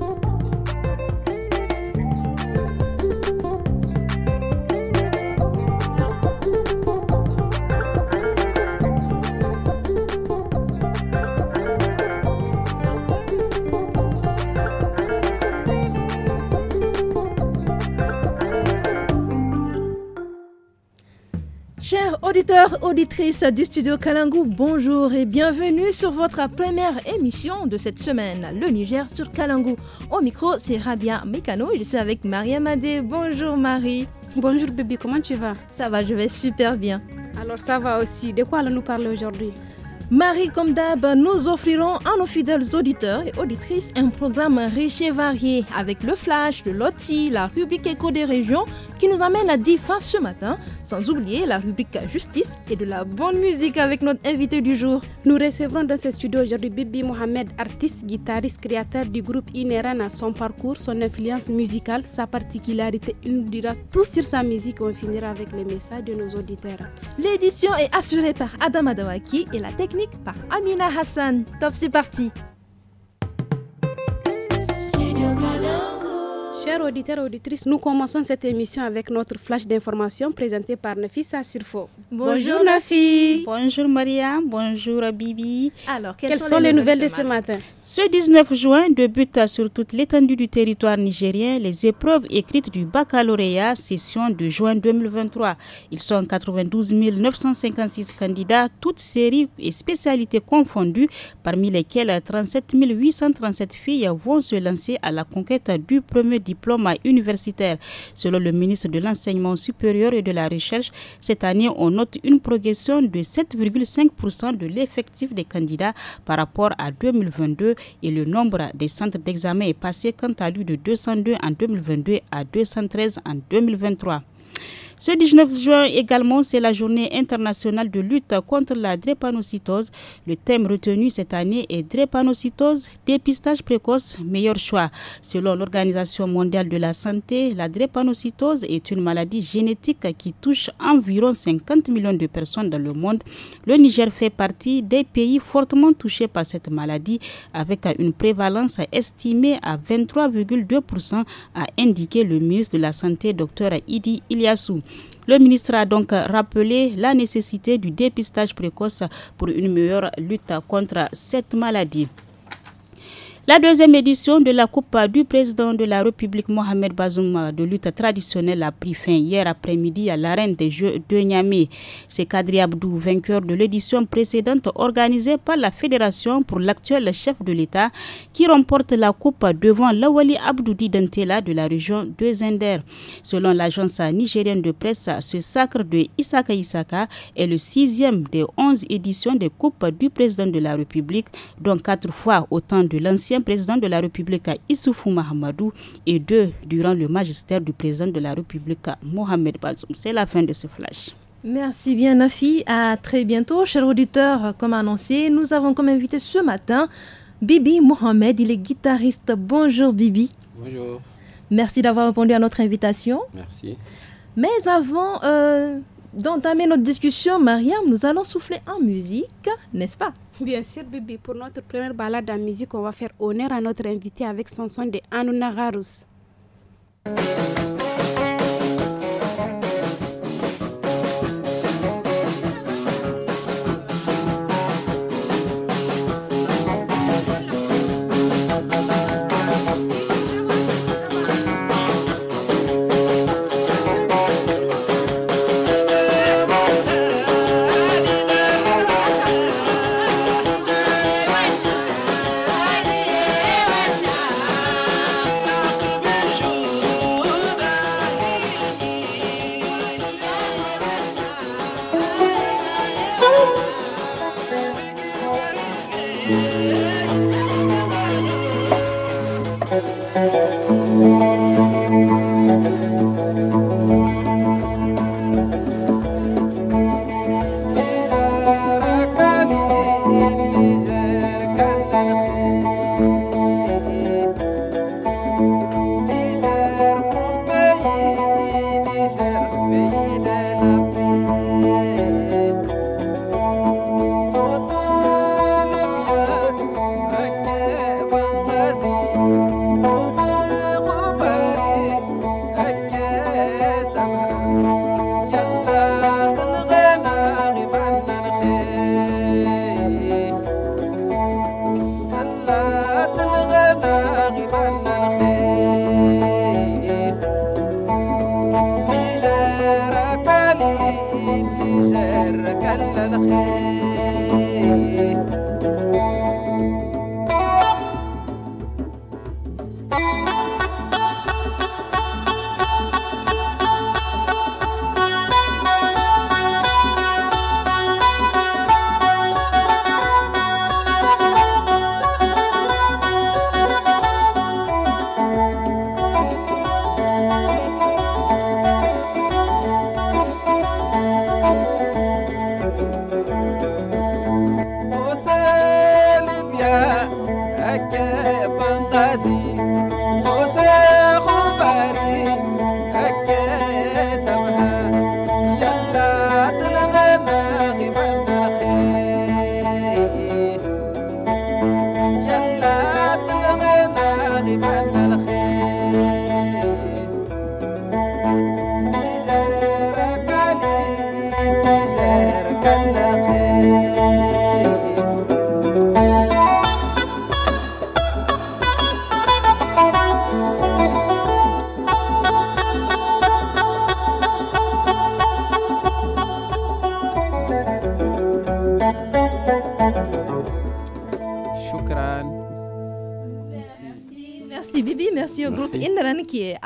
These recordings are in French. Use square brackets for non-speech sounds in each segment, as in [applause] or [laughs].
Thanks. Auditeurs, auditrices du studio Kalangou, bonjour et bienvenue sur votre première émission de cette semaine, le Niger sur Kalangou. Au micro, c'est Rabia Mekano et je suis avec Maria Madé. Bonjour Marie. Bonjour bébé, comment tu vas Ça va, je vais super bien. Alors ça va aussi. De quoi allons-nous parler aujourd'hui Marie, comme d'hab, nous offrirons à nos fidèles auditeurs et auditrices un programme riche et varié avec le flash, le loti, la rubrique éco des régions qui nous amène à 10 fins ce matin, sans oublier la rubrique justice et de la bonne musique avec notre invité du jour. Nous recevrons dans ce studio aujourd'hui Bibi Mohamed, artiste, guitariste, créateur du groupe Inerana. Son parcours, son influence musicale, sa particularité, il nous dira tout sur sa musique. On finira avec les messages de nos auditeurs. L'édition est assurée par Adam Adawaki et la technique par Amina Hassan. Top, c'est parti Chers auditeurs et auditrices, nous commençons cette émission avec notre flash d'information présenté par Nafisa Sirfo. Bonjour, Nafi. Bonjour Maria. Bonjour Bibi. Alors, quelles, sont, les, nouvelles de ce matin ce 19 juin débute sur toute l'étendue du territoire nigérien les épreuves écrites du baccalauréat session de juin 2023. Ils sont 92 956 candidats, toutes séries et spécialités confondues, parmi lesquelles 37 837 filles vont se lancer à la conquête du premier diplôme universitaire. Selon le ministre de l'Enseignement supérieur et de la Recherche, cette année, on note une progression de 7,5% de l'effectif des candidats par rapport à 2022 et le nombre des centres d'examen est passé quant à lui de 202 en 2022 à 213 en 2023. Ce 19 juin également, c'est la journée internationale de lutte contre la drépanocytose. Le thème retenu cette année est drépanocytose, dépistage précoce, meilleur choix. Selon l'Organisation mondiale de la santé, la drépanocytose est une maladie génétique qui touche environ 50 millions de personnes dans le monde. Le Niger fait partie des pays fortement touchés par cette maladie avec une prévalence estimée à 23,2% a indiqué le ministre de la Santé, Dr Idi Iliassou. Le ministre a donc rappelé la nécessité du dépistage précoce pour une meilleure lutte contre cette maladie. La deuxième édition de la Coupe du président de la République Mohamed Bazoum de lutte traditionnelle a pris fin hier après-midi à l'arène des Jeux de Niamey. C'est Kadri Abdou, vainqueur de l'édition précédente organisée par la Fédération pour l'actuel chef de l'État, qui remporte la Coupe devant Lawali Abdou Dentela de la région de Zender. Selon l'agence nigérienne de presse, ce sacre de Isaka Isaka est le sixième des onze éditions des Coupes du président de la République, dont quatre fois au temps de l'ancien président de la République à Issoufou Mahamadou et deux durant le magistère du président de la République Mohamed Bazoum. C'est la fin de ce flash. Merci bien, Nafi. À très bientôt, chers auditeurs. Comme annoncé, nous avons comme invité ce matin Bibi Mohamed. Il est guitariste. Bonjour, Bibi. Bonjour. Merci d'avoir répondu à notre invitation. Merci. Mais avant euh, d'entamer notre discussion, Mariam, nous allons souffler en musique, n'est-ce pas Bien sûr, bébé. Pour notre première balade en musique, on va faire honneur à notre invité avec son son de Anuna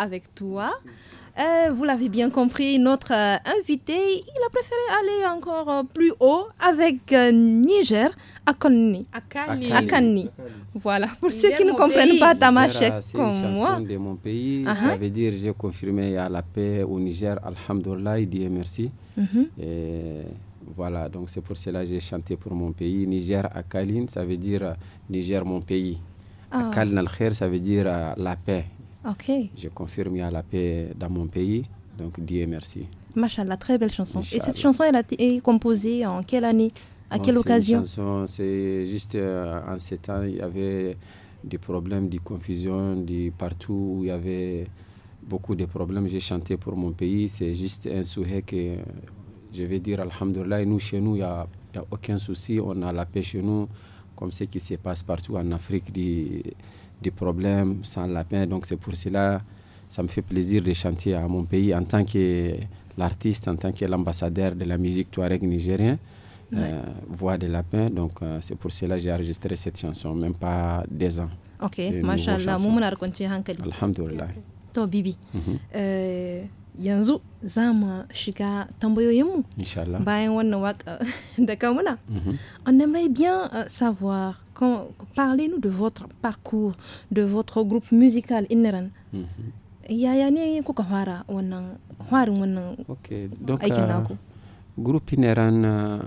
avec toi. Euh, vous l'avez bien compris, notre euh, invité, il a préféré aller encore euh, plus haut avec Niger à Akanni. Voilà, pour ceux qui ne comprennent pas Tamashek comme moi. de mon pays, uh-huh. ça veut dire j'ai confirmé à la paix au Niger, il Dieu merci. Uh-huh. voilà, donc c'est pour cela que j'ai chanté pour mon pays. Niger à ça veut dire Niger mon pays. Ah. ça veut dire la paix. Je confirme qu'il y a la paix dans mon pays. Donc Dieu merci. Machallah, très belle chanson. Et cette chanson, elle a été composée en quelle année À quelle occasion C'est juste euh, en ces temps, il y avait des problèmes, des confusions, du partout où il y avait beaucoup de problèmes. J'ai chanté pour mon pays. C'est juste un souhait que je vais dire Alhamdulillah. Nous, chez nous, il n'y a, a, aucun souci. On a la paix chez nous, comme ce qui se passe partout en Afrique des problèmes, sans lapin. Donc c'est pour cela, ça me fait plaisir de chanter à mon pays en tant que l'artiste, en tant que l'ambassadeur de la musique touareg nigérien. Euh, voix de lapin, donc euh, c'est pour cela que j'ai enregistré cette chanson, même pas des ans. Ok, bibi. Mhm. Euh, yanzu za mu shiga tambayoyinmu bayan wannan waka [laughs] da kamuna mhm. on aimerait bien euh, savoir parlez-nous de votre parcours de votre groupe musical innaran mhm. yaya ne kuka fara wannan harin wannan aikin euh, naku groupe Inneran euh,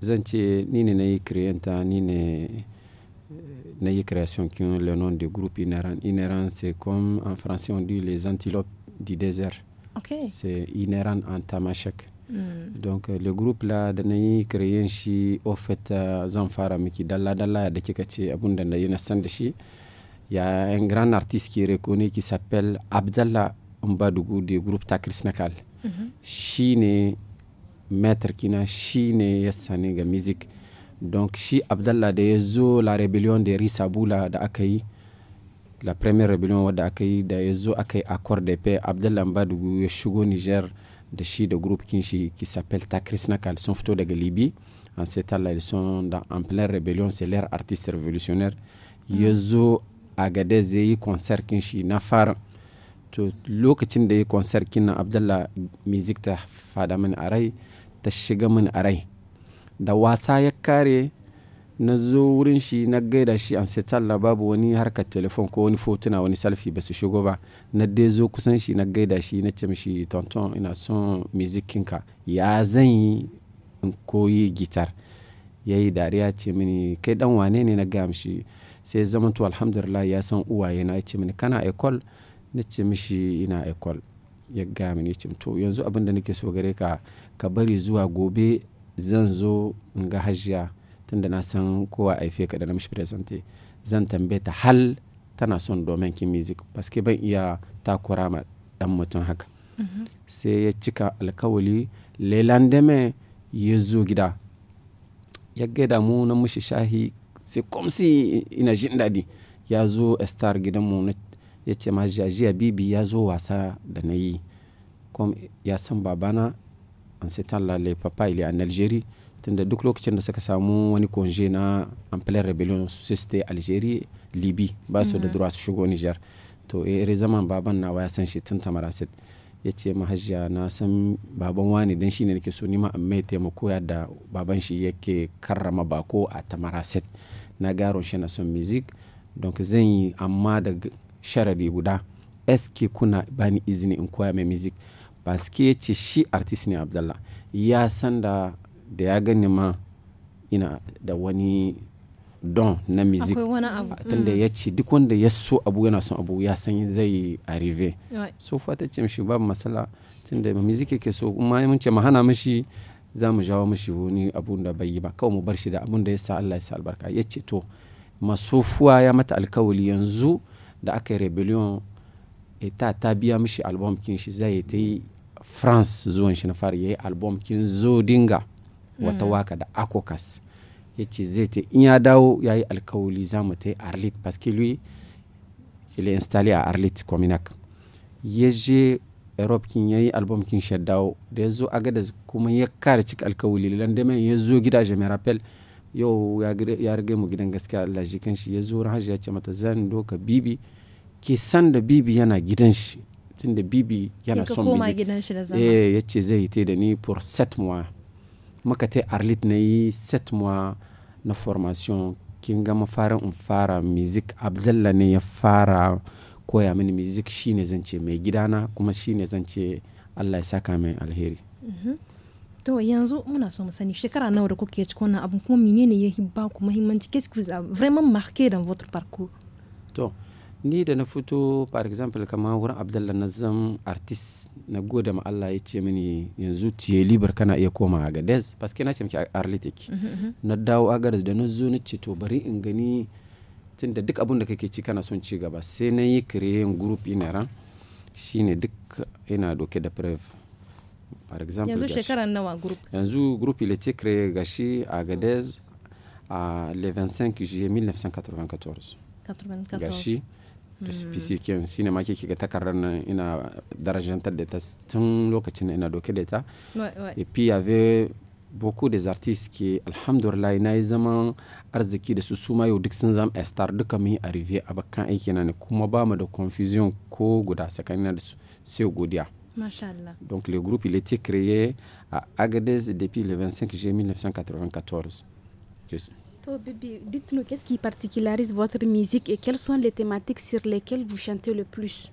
zan ce ni ne na yi kiriyanta ni ne na yi création qui ont le nom de groupe Inneran innaran c'est comme en français on dit les antilopes du désert. Okay. C'est inhérent en Tamashek. Hmm. Donc euh, le groupe là danay na yi créer shi ofet euh, zan miki dalla dalla de kika ce abun da na san ya un grand artiste qui est reconnu qui s'appelle Abdallah Mbadougou du groupe Takris Nakal. Mm -hmm. ne maître kina shi ne ya ga Donc shi Abdallah de yezo la rébellion de Risabula da aka la première rébellion wadda aka yi da ya zo aka yi accord da paix abdullah badugu ya shigo niger da shi da group kin shi qui s'appelle takris nakal sun fito daga libi en ce temps-là ils sont dans, en pleine rébellion c'est leur artiste révolutionnaire ya hmm. zo agadez yi concert kin shi na to lokacin da yi concert kin na music ta fada min arai ta shiga min a da wasa ya kare na zo wurin shi na gaida shi an sai babu wani harkar telefon ko wani fotuna wani salfi ba su shigo ba na dai zo kusan shi na gaida shi na ce mishi tonton ina son mizikinka ya zan yi koyi gitar ya yi dariya ce mini kai dan wane ne na gaya mishi sai zama to alhamdulillah ya san uwaye na ce mini kana ekol na ce mishi ina ekol ya gaya mini ce to yanzu abin da nake so gare ka ka bari zuwa gobe zan zo in ga hajiya tunda na san kowa aife ka da na mishi presente zan tambaye ta hal tana son domin ki music paske ban iya takura ma dan mutum haka mm-hmm. sai ya cika alkawali lelandeme ya zo gida ya gaida mu na mushi shahi sai komsi ina jin daɗi ya zo star gidanmu ya ce ma jiya bibi ya zo wasa da na yi kom ya san babana an sai tan papa ile a algeria tunda duk lokacin da suka samu wani konje na amfalar rebellion société algérie libi ba su da mhm. durwa su shigo niger to re zaman baban nawa ya san shi tun tamarasit ya ce mahajiya na san baban wani dan shine nake so nima amma ya taimako da baban shi yake karrama bako a tamarasit na garon shi na son music donc zan yi amma da sharadi guda eske kuna bani izini in koya mai music ba ya ce shi artist ne abdallah ya san da da ya gani ma ina da wani don na music ah, tunda mm. ya ce duk wanda ya so abu yana son abu ya san zai arrive so fata ce mishi babu matsala tunda music yake so kuma mun ce mu hana mishi za mu jawo mishi wani abu da bai yi ba kawai mu bar shi da abun da ya sa Allah ya sa albarka ya ce to masufuwa ya mata alkawali yanzu da aka yi rebellion eh, ta ta biya mishi album kin shi zai ta yi france zuwan shi na fara ya yi album kin zo dinga wata mm. waka da akokas ya ce zai ta in ya dawo ya yi alkawali za mu ta arlit paske lui il est a arlit kominak ya je europe kin ya yi album kin shaddawo da ya zo gada kuma ya kare cika alkawali da ya zo gida je rappel yau ya rage mu gidan gaskiya allah shi kan shi ya zo ran ya ce mata zan doka bibi ke san da bibi yana gidan shi tun da bibi yana son bizi eh, ya ce zai yi ta da ni for set mois muka ta arlit na yi set mois na formation kin ma fara in fara music abdalla ne ya fara koya mini music shine ne zance mai gidana kuma shine ne zance allah ya saka mai alheri mhm. to yanzu muna so mu sani shekara nawa da kuke ci wannan abun kuma menene ya ba ku muhimmanci qu'est-ce que vous a vraiment marqué dans votre parcours to ni da na fito par example kamar wurin abdallah nazam artist na gode ma Allah ya ce mini yanzu tiye libar kana iya koma a gades paske na ce miki arlitic mhm, mhm. na dawo agades da na zo na ce to bari in gani tun da duk abin da kake ci kana son ci gaba sai na yi kireyin group ina ran shine duk ina doke da prev par example yanzu shekaran nawa group yanzu group ile ce kire gashi a gades a 25 juillet 1994 gashi da su fi sikiyan shi un ma kike ga takardar nan ina darajantar de ta lokacin ina doke da et puis il y avait beaucoup des artistes qui alhamdulillah na yi zaman arziki da su su ma yau star arrivé arrivé a bakkan qui na ne kuma ba mu confusion ko guda c'est da su sai Donc le groupe il était créé à Agadez depuis le 25 juillet 1994. Toto bibi dites-nous qu'est-ce qui particularise votre musique et quelles sont les thématiques sur lesquelles vous chantez le plus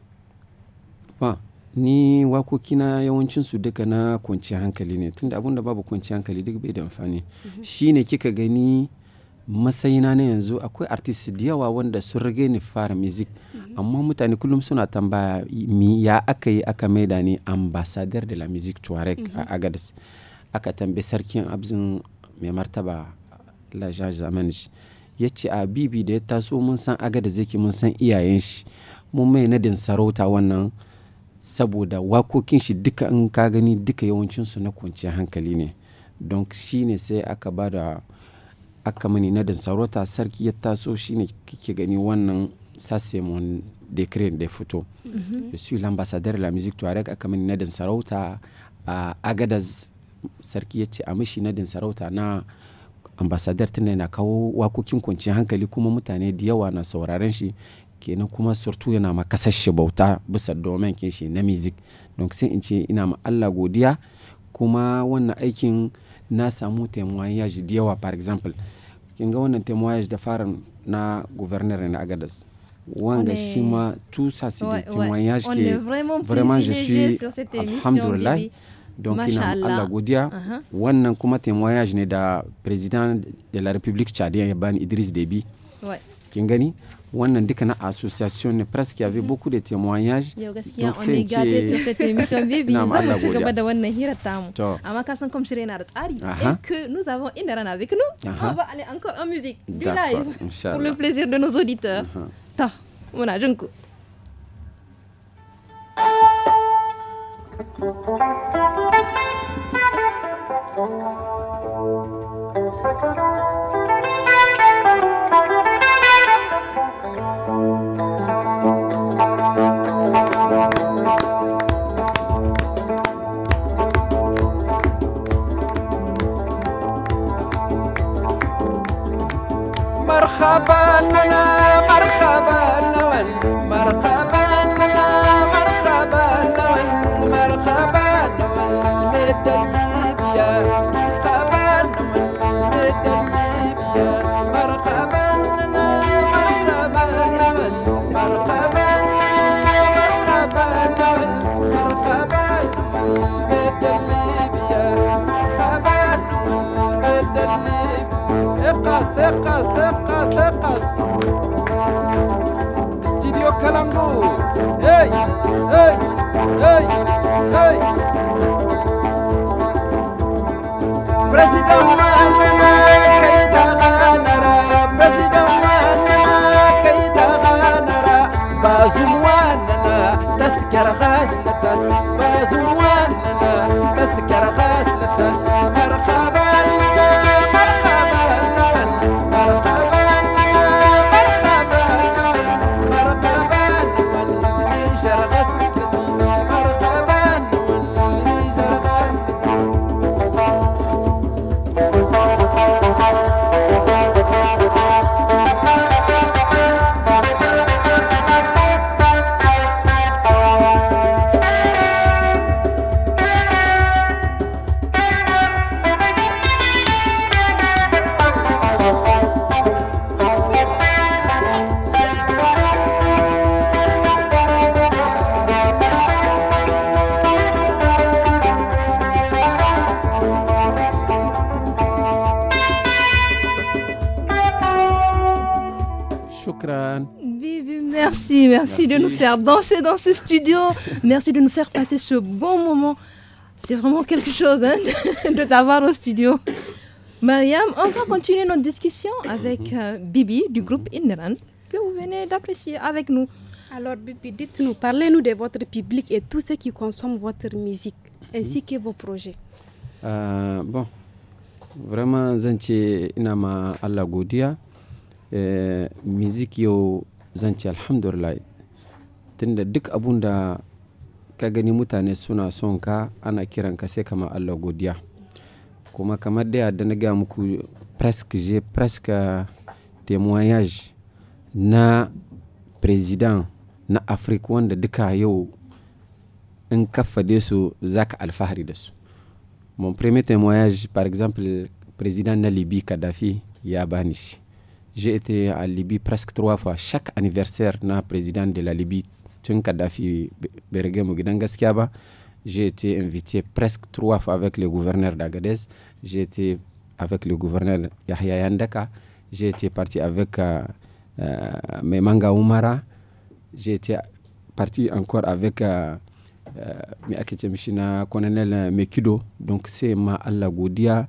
ah, Ni wakokina yawancinsu duka na kwanciyar hankali ne tunda abinda babu kwanciyar hankali duk bai da amfani mhm. shi ne kika gani matsayina na yanzu akwai artist da yawa wanda sun rage ni fara music mhm. amma mutane kullum suna tambaya mi ya aka yi aka maida ni ambassador de la musique tuareg a mhm. agadas aka tambayi sarkin abzin mai martaba lajar zaman ya ce a bibi da ya taso mun san aga da zaki mun san iyayen shi mun mai nadin sarauta wannan saboda wakokin shi duka in ka gani duka yawancinsu na kwanciyar hankali ne don shi ne sai aka ba da aka mani nadin sarauta sarki ya taso shi ne kike gani wannan sasemon decret da fito mm-hmm. je suis l'ambassadeur de la musique tuareg aka mani nadin sarauta a agadas sarki ya ce a mishi nadin sarauta na ambasadar tun yana kawo wakokin kwanciyar hankali kuma mutane da yawa na sauraren shi kenan kuma surtu yana ma kasar shi bauta bisa domin kin shi na music don sai in ce ina ma Allah godiya kuma wannan aikin na samu temoyage da yawa for example kin ga wannan temoyage da fara na governor na Agadez wanga shi ma tout ça c'est des témoignages que vraiment je suis alhamdulillah Donc, ina Allah godiya wannan uh-huh. kuma témoignage ne da president de la république chadien ya bani Idriss Deby kin gani wannan duka na association ne presque avait uh-huh. beaucoup de témoignages yau gaskiya on est sur cette émission [laughs] baby za mu ci gaba da wannan hirar tamu amma ka san comme shirye da tsari et que nous avons une rana avec nous on va aller encore en musique du live pour le plaisir de nos auditeurs ta muna jin Thank you. [laughs] مرحبا لنا مرحبا لنا مرحبا سقس سقس سقس استديو كلامبو اي اي اي اي بريزيدون بازم وانا تسكر غاسلة بازم وانا Merci, de nous faire danser dans ce studio. merci de nous faire passer ce bon moment. C'est vraiment quelque chose hein, [laughs] de t'avoir au studio. Mariam, on va continuer notre discussion avec euh, Bibi du groupe Inran que vous venez d'apprécier avec nous. Alors Bibi, dites-nous, parlez-nous de votre public et tous ceux qui consomment votre musique ainsi mhm. que vos projets. Euh, bon, vraiment zan Allah goudia. Euh, musique, yo, tunda duk abun da ka gani mutane suna son ka ana kiran ka sai kama Allah godiya kuma kamar da yadda na gaya muku presque j'ai presque euh, témoignage na president na afirka wanda duka yau in kafade su zaka alfahari da su mon premier témoignage par exemple président na libye kadhafi ya bani shi j'ai été à libye presque trois fois chaque anniversaire na président de la libye tun Kadhafi j'ai été invité presque trois fois avec le gouverneur d'Agadez j'ai été avec le gouverneur Yahya Yandaka j'ai été parti avec euh, euh Memanga Oumara j'ai été parti encore avec euh, euh mi colonel mekido donc c'est ma allah goudia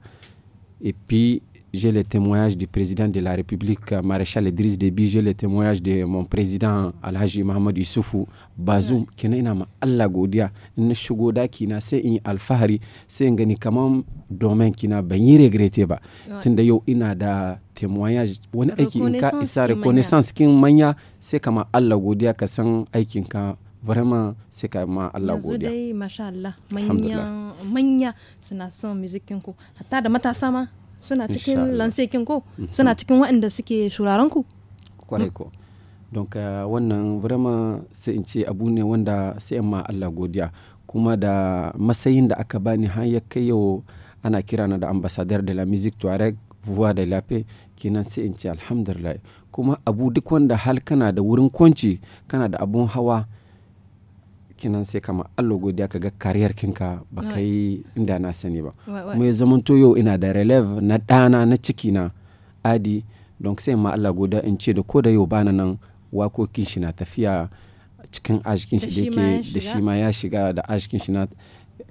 et puis j'ai le témoignage du président de la République, euh, Maréchal Idriss Déby, j'ai le témoignage de mon président Alhaji Mohamed Issoufou Bazoum, homme qui ma Allah godiya, ne homme qui n'a in alfahari, se kamam domaine qui n'a ben regretté ba. a yo ina témoignage qui ka isa reconnaissance kin manya Allah vraiment Allah godiya. masha Allah son suna cikin lansekin ko mm-hmm. suna cikin waɗanda suke shuraren ku kwarai ko don wannan vraiment sai in ce abu ne wanda sai ma Allah godiya kuma da matsayin da aka bani har ya kai yau ana kirana da ambassadeur de la musique tuareg voix de la paix kenan sai in ce alhamdulillah kuma abu duk wanda hal kana da wurin kwanci kana da abun hawa kinan sai kama allo godiya ka ga kariyar kinka ba ka yi inda na sani ba kuma ya zama to yau ina da releve na ɗana na ciki na adi don sai ma Allah godiya in ce da ko da yau bana nan wakokin shi na tafiya cikin ajikin shi da ke da shi ma ya shiga da ajikin shi na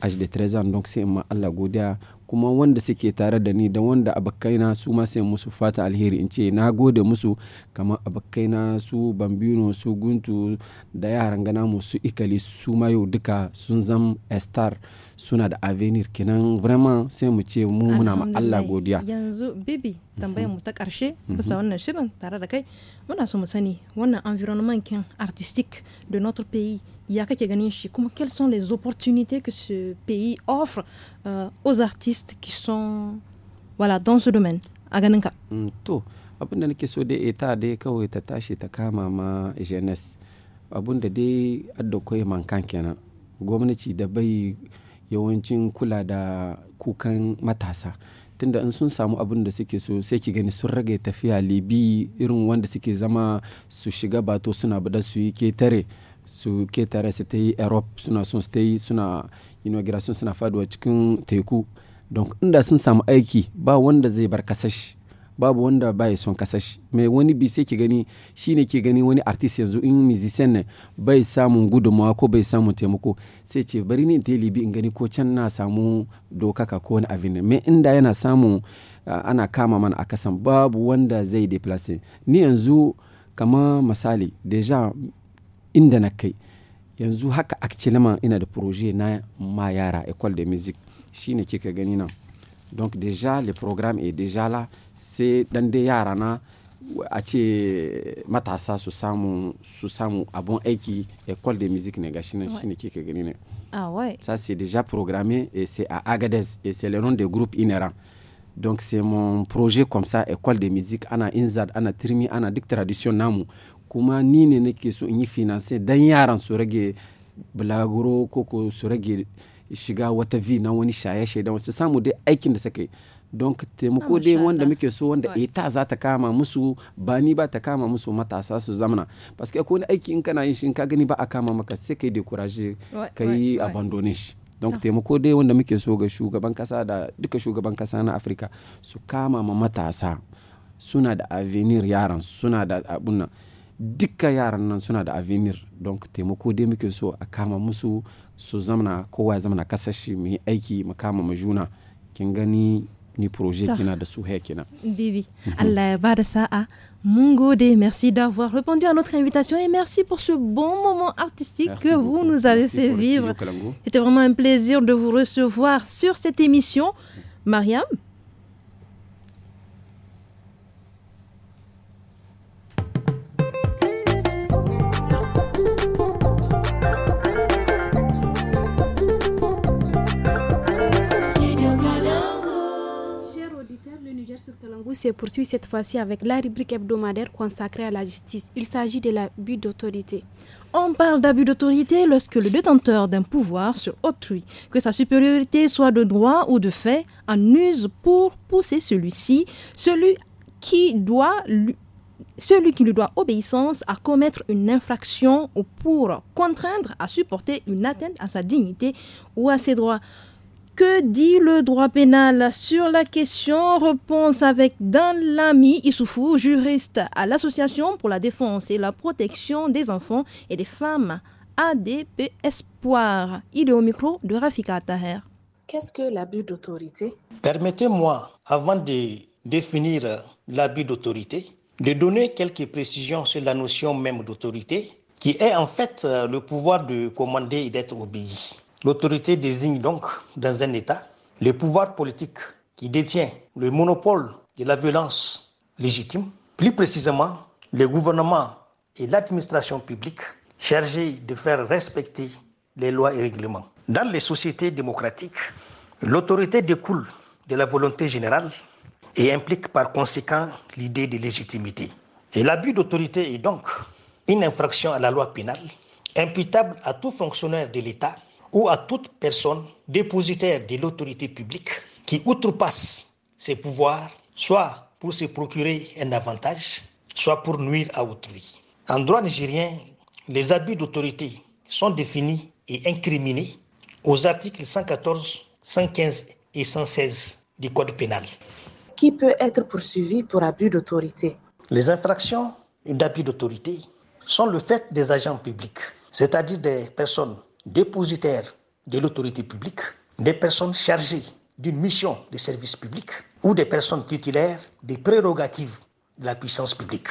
ash da don sai ma Allah godiya kuma wanda suke tare da ni da wanda abakaina su ma sai musu fata alheri in ce na gode musu kamar abakaina su bambino su guntu da yaran gana musu ikali su ma yau duka sun zam estar suna da avenir kenan vraiment sai mu ce mu muna ma Allah godiya yanzu bibi tambayar mu ta karshe mhm. bisa wannan shirin tare da kai muna so mu sani wannan environment artistic de notre pays ya kake ganin shi kuma quelles sont les opportunités que ce pays offre euh, aux artistes qui sont voilà dans ce domaine a ganin mm, to abin da nake so dai ita dai kawai ta tashi ta kama ma jeunesse abin da dai adda kai mankan kenan gwamnati da bai yawancin kula da kukan matasa tunda in sun samu abin da suke so sai ki gani sun rage tafiya libi irin wanda suke zama su shiga bato suna bada su yi ketare tare su ke tare su ta yi suna son su ta suna inauguration suna faduwa cikin teku don inda sun samu aiki ba wanda zai bar kasash babu wanda ba ya son kasashi mai wani bi sai ki gani ne ke gani wani artist yanzu in musician ne bai samun gudunmawa ko bai samu taimako sai ce bari ni ta libi in gani ko can na samu dokaka ko wani abin mai inda yana samu ana kama mana a kasan babu wanda zai deplace ni yanzu kama misali deja inda na kai yanzu haka actuellement ina da projet na ma yara école de musique shine kika gani nan donc déjà le programme est déjà là c'est dans des yara na a ce matasa su samu su samu abun aiki école de musique ne gashi nan shine kika gani ne ah ouais ça c'est déjà programmé et c'est à Agadez et c'est le nom des groupes inhérent donc c'est mon projet comme ça école de musique ana inzad ana trimi ana duk tradition namu kuma ni ne nake so in yi finance dan yaran su rage bulaguro ko ko su rage shiga wata vi na wani shaye-shaye da wasu samu dai aikin da suka yi don taimako dai wanda muke so wanda ita eh, za ta kama musu ba ni ba ta kama musu matasa su zamana paske ko wani aiki in kana yin shi ka gani ba a kama maka sai kai dekuraje ka yi abandone shi don taimako dai wanda muke so ga shugaban kasa da duka shugaban kasa na afirka su kama ma matasa suna da avenir yaran suna da abun dikka yaran nan suna da avenir donc taimako dai muke so a kama musu su zamana kowa ya zamana kasashi mu yi aiki mu kama mu juna kin gani ni projet kina da su kina bibi mhm. Allah ya bada sa'a mun gode merci d'avoir répondu à notre invitation et merci pour ce bon moment artistique que vous nous avez fait vivre c'était vraiment un plaisir de vous recevoir sur cette émission Mariam C'est poursuit cette fois-ci avec la rubrique hebdomadaire consacrée à la justice. Il s'agit de l'abus d'autorité. On parle d'abus d'autorité lorsque le détenteur d'un pouvoir se autrui, que sa supériorité soit de droit ou de fait, en use pour pousser celui-ci, celui qui doit celui qui lui doit obéissance à commettre une infraction ou pour contraindre à supporter une atteinte à sa dignité ou à ses droits. Que dit le droit pénal sur la question Réponse avec Dan Lamy Issoufou, juriste à l'Association pour la défense et la protection des enfants et des femmes ADP Espoir. Il est au micro de Rafika Taher. Qu'est-ce que l'abus d'autorité Permettez-moi, avant de définir l'abus d'autorité, de donner quelques précisions sur la notion même d'autorité, qui est en fait le pouvoir de commander et d'être obéi. L'autorité désigne donc, dans un État, le pouvoir politique qui détient le monopole de la violence légitime, plus précisément le gouvernement et l'administration publique chargés de faire respecter les lois et règlements. Dans les sociétés démocratiques, l'autorité découle de la volonté générale et implique par conséquent l'idée de légitimité. Et l'abus d'autorité est donc une infraction à la loi pénale imputable à tout fonctionnaire de l'État ou à toute personne dépositaire de l'autorité publique qui outrepasse ses pouvoirs, soit pour se procurer un avantage, soit pour nuire à autrui. En droit nigérien, les abus d'autorité sont définis et incriminés aux articles 114, 115 et 116 du Code pénal. Qui peut être poursuivi pour abus d'autorité Les infractions d'abus d'autorité sont le fait des agents publics, c'est-à-dire des personnes dépositaires de l'autorité publique, des personnes chargées d'une mission de service public ou des personnes titulaires des prérogatives de la puissance publique.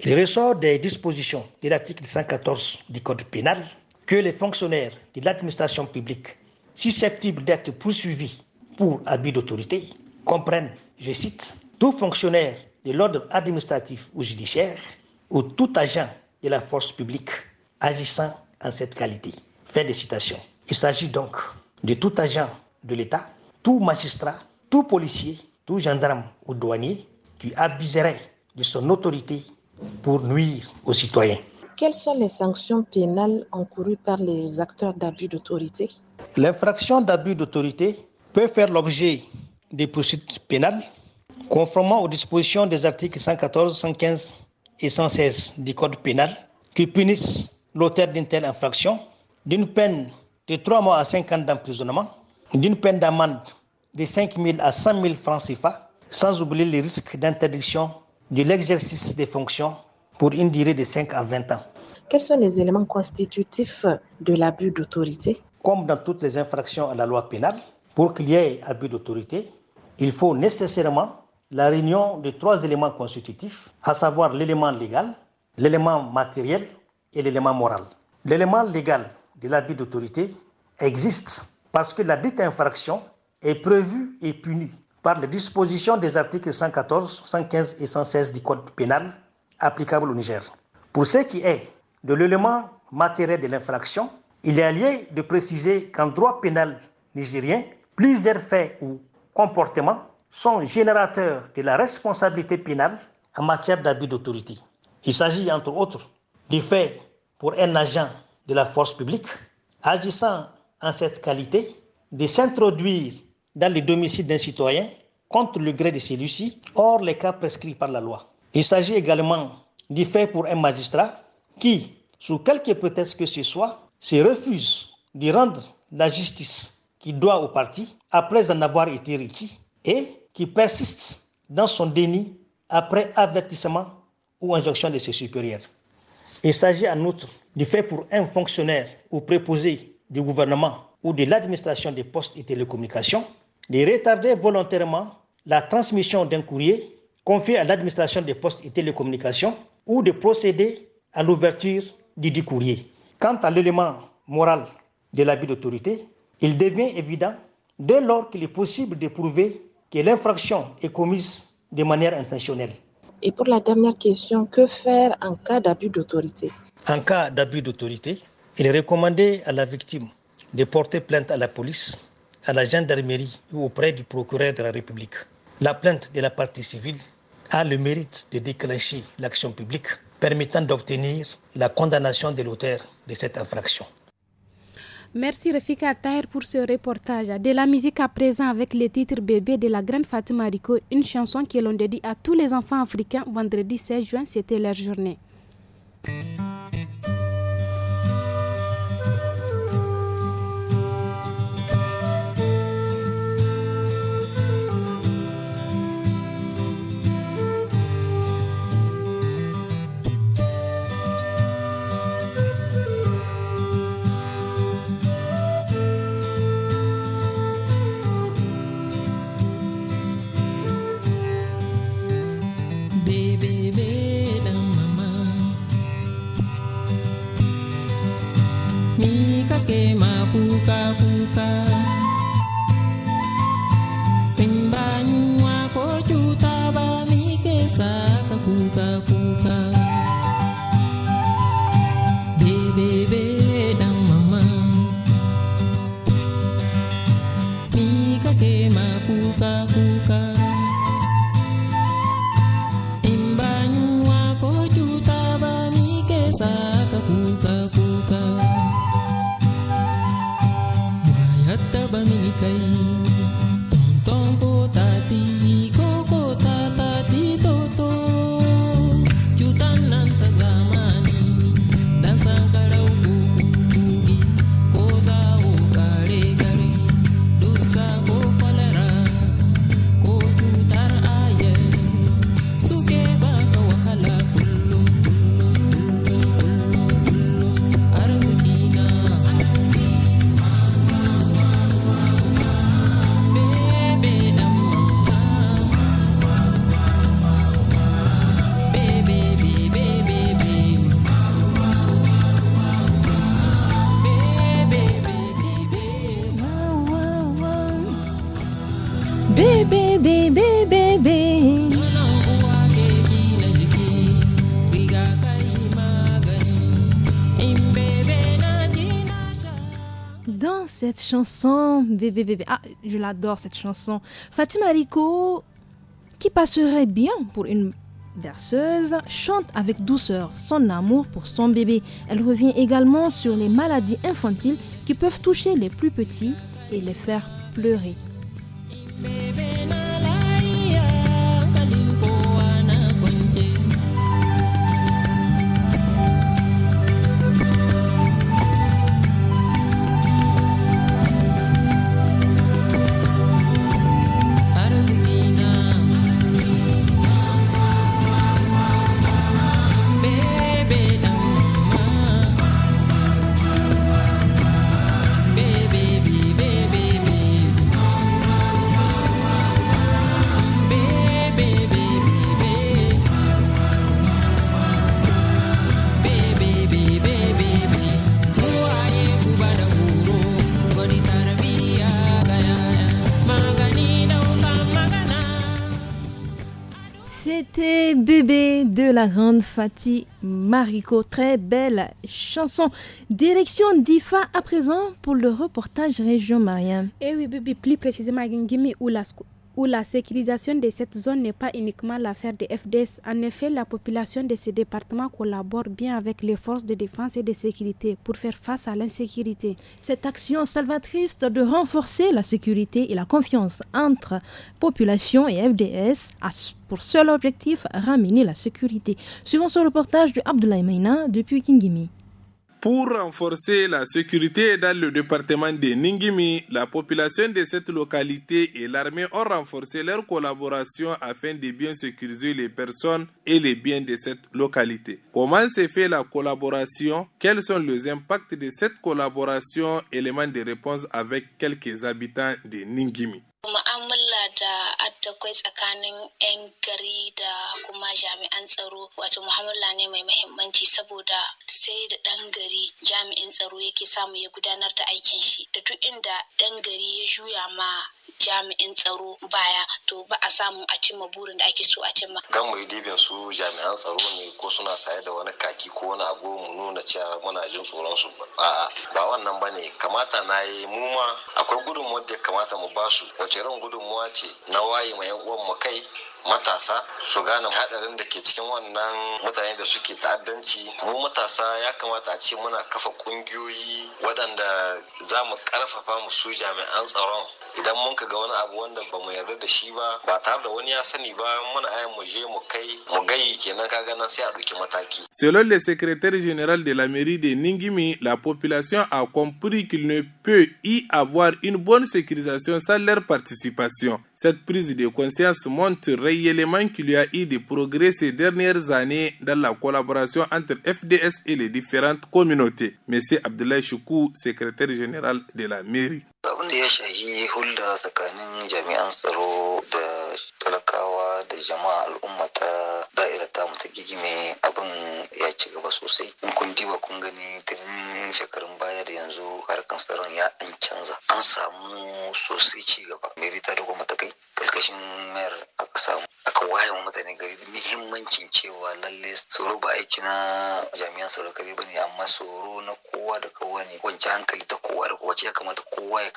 Il ressort des dispositions de l'article 114 du Code pénal que les fonctionnaires de l'administration publique susceptibles d'être poursuivis pour abus d'autorité comprennent, je cite, tout fonctionnaire de l'ordre administratif ou judiciaire ou tout agent de la force publique agissant en cette qualité des citations. Il s'agit donc de tout agent de l'État, tout magistrat, tout policier, tout gendarme ou douanier qui abuserait de son autorité pour nuire aux citoyens. Quelles sont les sanctions pénales encourues par les acteurs d'abus d'autorité L'infraction d'abus d'autorité peut faire l'objet des poursuites pénales conformément aux dispositions des articles 114, 115 et 116 du Code pénal qui punissent l'auteur d'une telle infraction d'une peine de 3 mois à 5 ans d'emprisonnement, d'une peine d'amende de 5 000 à 100 000 francs CFA, sans oublier les risques d'interdiction de l'exercice des fonctions pour une durée de 5 à 20 ans. Quels sont les éléments constitutifs de l'abus d'autorité Comme dans toutes les infractions à la loi pénale, pour qu'il y ait abus d'autorité, il faut nécessairement la réunion de trois éléments constitutifs, à savoir l'élément légal, l'élément matériel et l'élément moral. L'élément légal de l'abus d'autorité existe parce que la dette infraction est prévue et punie par les dispositions des articles 114, 115 et 116 du Code pénal applicable au Niger. Pour ce qui est de l'élément matériel de l'infraction, il est allié de préciser qu'en droit pénal nigérien, plusieurs faits ou comportements sont générateurs de la responsabilité pénale en matière d'abus d'autorité. Il s'agit entre autres du fait pour un agent de la force publique, agissant en cette qualité, de s'introduire dans le domicile d'un citoyen contre le gré de celui-ci, hors les cas prescrits par la loi. Il s'agit également du fait pour un magistrat qui, sous quelque prétexte que ce soit, se refuse de rendre la justice qu'il doit au parti après en avoir été requis et qui persiste dans son déni après avertissement ou injonction de ses supérieurs. Il s'agit en outre du fait pour un fonctionnaire ou préposé du gouvernement ou de l'administration des postes et télécommunications de retarder volontairement la transmission d'un courrier confié à l'administration des postes et télécommunications ou de procéder à l'ouverture du dit courrier. Quant à l'élément moral de l'abus d'autorité, il devient évident dès lors qu'il est possible de prouver que l'infraction est commise de manière intentionnelle. Et pour la dernière question, que faire en cas d'abus d'autorité En cas d'abus d'autorité, il est recommandé à la victime de porter plainte à la police, à la gendarmerie ou auprès du procureur de la République. La plainte de la partie civile a le mérite de déclencher l'action publique permettant d'obtenir la condamnation de l'auteur de cette infraction. Merci Rafika Taher pour ce reportage. De la musique à présent avec le titre Bébé de la grande Fatima Rico, une chanson que l'on dédie à tous les enfants africains. Vendredi 16 juin, c'était leur journée. cette chanson. Bébé, bébé. Ah, je l'adore cette chanson. Fatima Rico, qui passerait bien pour une verseuse, chante avec douceur son amour pour son bébé. Elle revient également sur les maladies infantiles qui peuvent toucher les plus petits et les faire pleurer. la grande Fatih Mariko. Très belle chanson. Direction d'IFA à présent pour le reportage Région Marien. Et eh oui, bébé, plus précisément ou où la sécurisation de cette zone n'est pas uniquement l'affaire des FDS. En effet, la population de ces départements collabore bien avec les forces de défense et de sécurité pour faire face à l'insécurité. Cette action salvatrice de renforcer la sécurité et la confiance entre population et FDS a pour seul objectif ramener la sécurité. Suivons ce reportage de Abdoulaye Maina depuis Kingimi. Pour renforcer la sécurité dans le département de Ningimi, la population de cette localité et l'armée ont renforcé leur collaboration afin de bien sécuriser les personnes et les biens de cette localité. Comment s'est fait la collaboration Quels sont les impacts de cette collaboration Élément de réponse avec quelques habitants de Ningimi. mu'amala da addakwai tsakanin 'yan gari da kuma jami'an tsaro wato mu'amala ne mai mahimmanci saboda sai da ɗan gari jami'in tsaro yake samu ya gudanar da aikin shi da duk inda ɗan gari ya juya ma jami'in tsaro baya to ba a samu a cimma burin da ake so a cimma. Dan mu yi dibin su jami'an tsaro ne ko suna saye da wani kaki ko wani abu mu nuna cewa muna jin tsoron su ba ba wannan bane kamata na yi mu ma akwai gudunmuwa da ya kamata mu ba su wace irin gudunmuwa ce na waye ma yan uwan mu kai matasa su gane hadarin da ke cikin wannan mutane da suke ta'addanci mu matasa ya kamata a ce muna kafa kungiyoyi waɗanda za mu karfafa mu su jami'an tsaron idan mun ga wani abu wanda ba mu yarda da shi ba ba tare da wani ya sani ba muna aya mu je mu kai mu gayi kenan kaga nan sai a ɗauki mataki. Selon le secrétaire général de la mairie de Ningimi, la population a compris qu'il ne peut y avoir une bonne sécurisation sans leur participation. Cette prise de conscience montre réellement qu'il y a eu des progrès ces dernières années dans la collaboration entre FDS et les différentes communautés. Monsieur Abdoulaye Choukou, secrétaire général de la mairie. abin da ya shahi hulɗa tsakanin jami'an tsaro da talakawa da jama'a al'umma ta da'ira ta mu ta gigime abin ya ci gaba sosai in kun diba kun gani tun shekarun baya da yanzu harkan tsaron ya an canza an samu sosai ci gaba mai rita da goma ta kai karkashin mayar aka samu aka waye wa mutane gari da muhimmancin cewa lalle tsoro ba aiki na jami'an tsaro kare bane amma tsoro na kowa da kowa ne wancan hankali ta kowa da kowa ce ya kamata kowa ya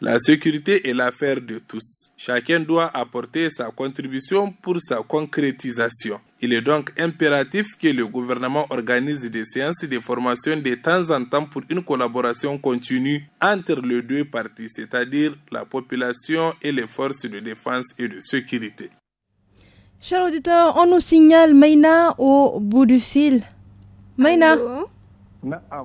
La sécurité est l'affaire de tous. Chacun doit apporter sa contribution pour sa concrétisation. Il est donc impératif que le gouvernement organise des séances de formation de temps en temps pour une collaboration continue entre les deux parties, c'est-à-dire la population et les forces de défense et de sécurité. Chers auditeurs, on nous signale Maïna au bout du fil. Maïna. Ah, [laughs] [laughs]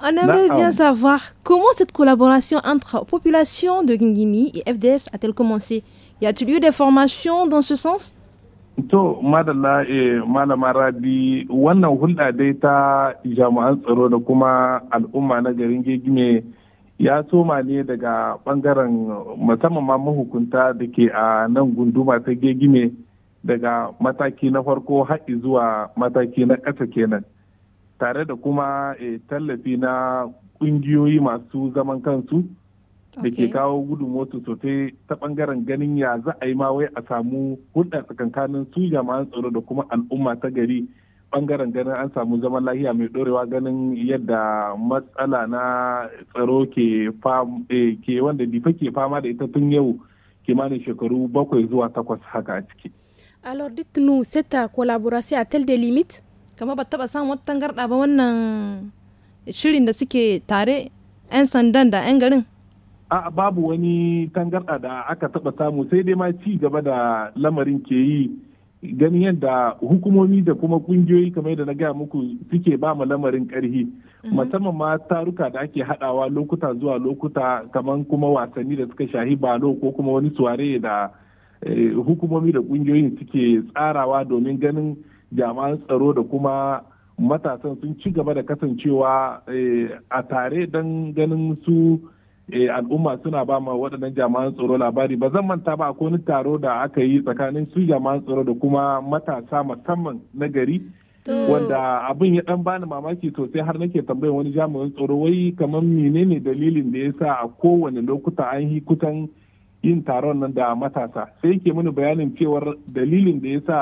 on aimerait ah. bien savoir comment cette collaboration entre population de Gingimi et FDS a-t-elle commencé Y a-t-il eu des formations dans ce sens To, madalla eh, malama rabi wannan hulɗa dai ta jami'an tsaro da kuma al'umma na garin gegime ya soma ne daga ɓangaren musamman ma mahukunta da ke a nan gunduma ta gegime daga mataki na farko haɗi zuwa mataki na ƙasa kenan tare da kuma eh, tallafi na ƙungiyoyi masu zaman kansu da ke kawo gudunmuwarsu sosai ta bangaren ganin ya za a yi ma wai a samu hulɗa tsakankanin su jama'an tsaro da kuma al'umma ta gari bangaren ganin an samu zaman lafiya mai dorewa ganin yadda matsala na tsaro eh, ke wanda difa ke fama da ita tun yau kimanin shekaru bakwai zuwa takwas haka a ciki. Alors dites-nous, cette collaboration a tel des limites? Kamar ba taba samun wata tangarɗa ba wannan shirin da suke tare 'yan sandan da 'yan garin? a babu wani tangarɗa da aka taɓa samu sai dai ma ci gaba da lamarin ke yi ganin yadda hukumomi da kuma kungiyoyi kamar da na gaya muku suke ba mu lamarin karhi mhm. musamman ma taruka da ake haɗawa lokuta zuwa lokuta kamar kuma wasanni da suka shahi balo ko kuma wani suware da eh, hukumomi da kungiyoyin suke tsarawa domin ganin jami'an tsaro da kuma matasan sun ci gaba da kasancewa eh, a tare don ganin su Eh, al'umma suna ba ma waɗannan jami'an tsaro labari ba zan manta ba akwai wani taro da aka yi tsakanin su jami'an tsaro da kuma matasa musamman na gari wanda abin ya dan bani mamaki sosai har nake tambayar wani jami'in tsaro wai kamar menene dalilin da yasa a kowane lokuta an yi kutan yin taron nan da matasa sai yake mini bayanin cewar dalilin da yasa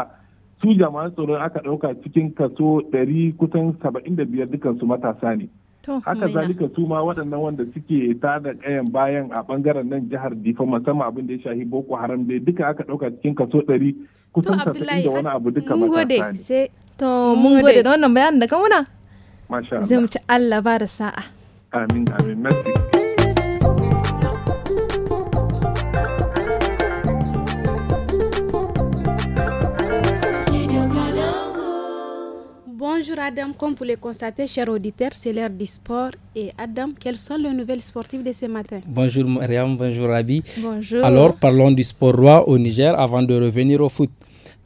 su jama'an tsaro aka ɗauka cikin kaso 100 kusan 75 dukansu matasa ne. haka zalika su ma waɗannan wanda suke tada ƙayan bayan a ɓangaren nan jihar difa musamman abin da ya shahi boko haram dai duka aka ɗauka cikin kaso ɗari kusan tasa'in da wani abu duka matasa ne to mun gode da wannan bayanin da kan masha Allah zai mu ci Allah ba da sa'a amin amin merci Bonjour Adam, comme vous le constatez, chers auditeurs, c'est l'heure du sport. Et Adam, quelles sont les nouvelles sportives de ce matin Bonjour Mariam, bonjour Rabi. Bonjour. Alors parlons du sport roi au Niger avant de revenir au foot.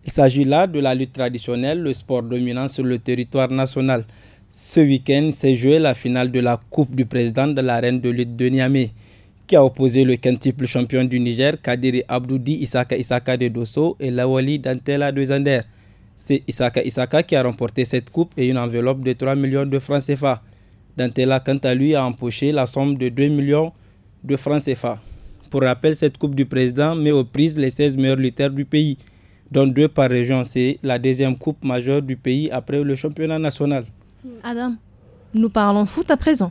Il s'agit là de la lutte traditionnelle, le sport dominant sur le territoire national. Ce week-end s'est jouée la finale de la Coupe du Président de la reine de lutte de Niamey, qui a opposé le quintuple champion du Niger, Kadiri Abdoudi Isaka Isaka de Dosso et Lawali Dantela de Zander. C'est Isaka Isaka qui a remporté cette coupe et une enveloppe de 3 millions de francs CFA. Dantela, quant à lui, a empoché la somme de 2 millions de francs CFA. Pour rappel, cette Coupe du Président met aux prises les 16 meilleurs lutteurs du pays, dont deux par région. C'est la deuxième Coupe majeure du pays après le championnat national. Adam, nous parlons foot à présent.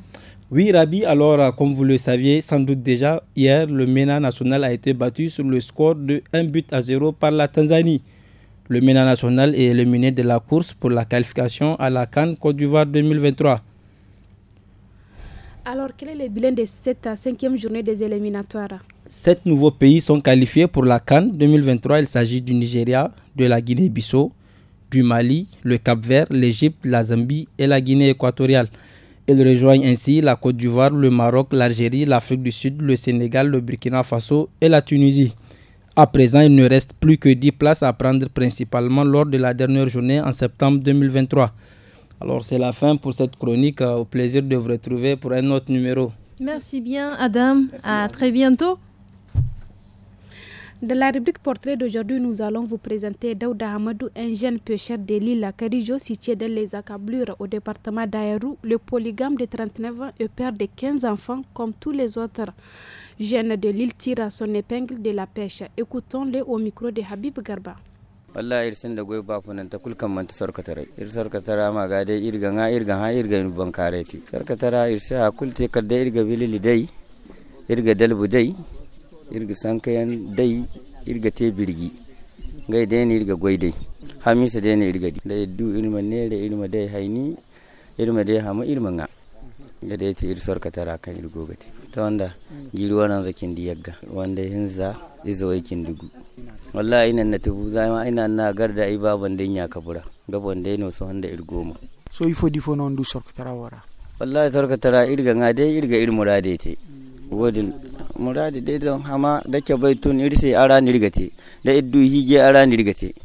Oui, Rabi, alors, euh, comme vous le saviez sans doute déjà, hier, le MENA national a été battu sur le score de 1 but à 0 par la Tanzanie. Le MENA national est éliminé de la course pour la qualification à la Cannes Côte d'Ivoire 2023. Alors, quel est le bilan de cette cinquième journée des éliminatoires Sept nouveaux pays sont qualifiés pour la Cannes 2023. Il s'agit du Nigeria, de la Guinée-Bissau, du Mali, le Cap-Vert, l'Égypte, la Zambie et la Guinée équatoriale. Ils rejoignent ainsi la Côte d'Ivoire, le Maroc, l'Algérie, l'Afrique du Sud, le Sénégal, le Burkina Faso et la Tunisie. À présent, il ne reste plus que 10 places à prendre principalement lors de la dernière journée en septembre 2023. Alors c'est la fin pour cette chronique. Au plaisir de vous retrouver pour un autre numéro. Merci bien Adam. à très bientôt. Dans la rubrique portrait d'aujourd'hui, nous allons vous présenter Daouda Hamadou, un jeune pêcheur de l'île Karijo situé dans les accablures au département d'Aérou. Le polygame de 39 ans et père de 15 enfants comme tous les autres jeune de l'île tire son épingle de la pêche. Écoutons-le au micro de Habib Garba. wallahi irsin da goy bafu nan ta kulkan man ta sarkatara ir sarkatara ma ga dai irga nga irga ha irga sarkatara irsa kulte kadda irga bilili dai irga dalbu dai irga sankayan dai irga te birgi ngai dai ni irga goy dai hamisa dai ni irga dai du irma nere irma dai haini irma dai hama irma nga da ya ce irisuwar ka tara kan irgo ga ta wanda giri wannan zakin da yagga wanda yin za izo yakin dugu wallahi ina na tubu ma ina na garda ai baban da ya kabura gaban da no so handa ma. so ifo difo non du sor tara wara wallahi sor ka tara irga nga dai irga ir murade te wodin murade dai don hama dake baitun irse ara nirgate da iddu hige ara nirgate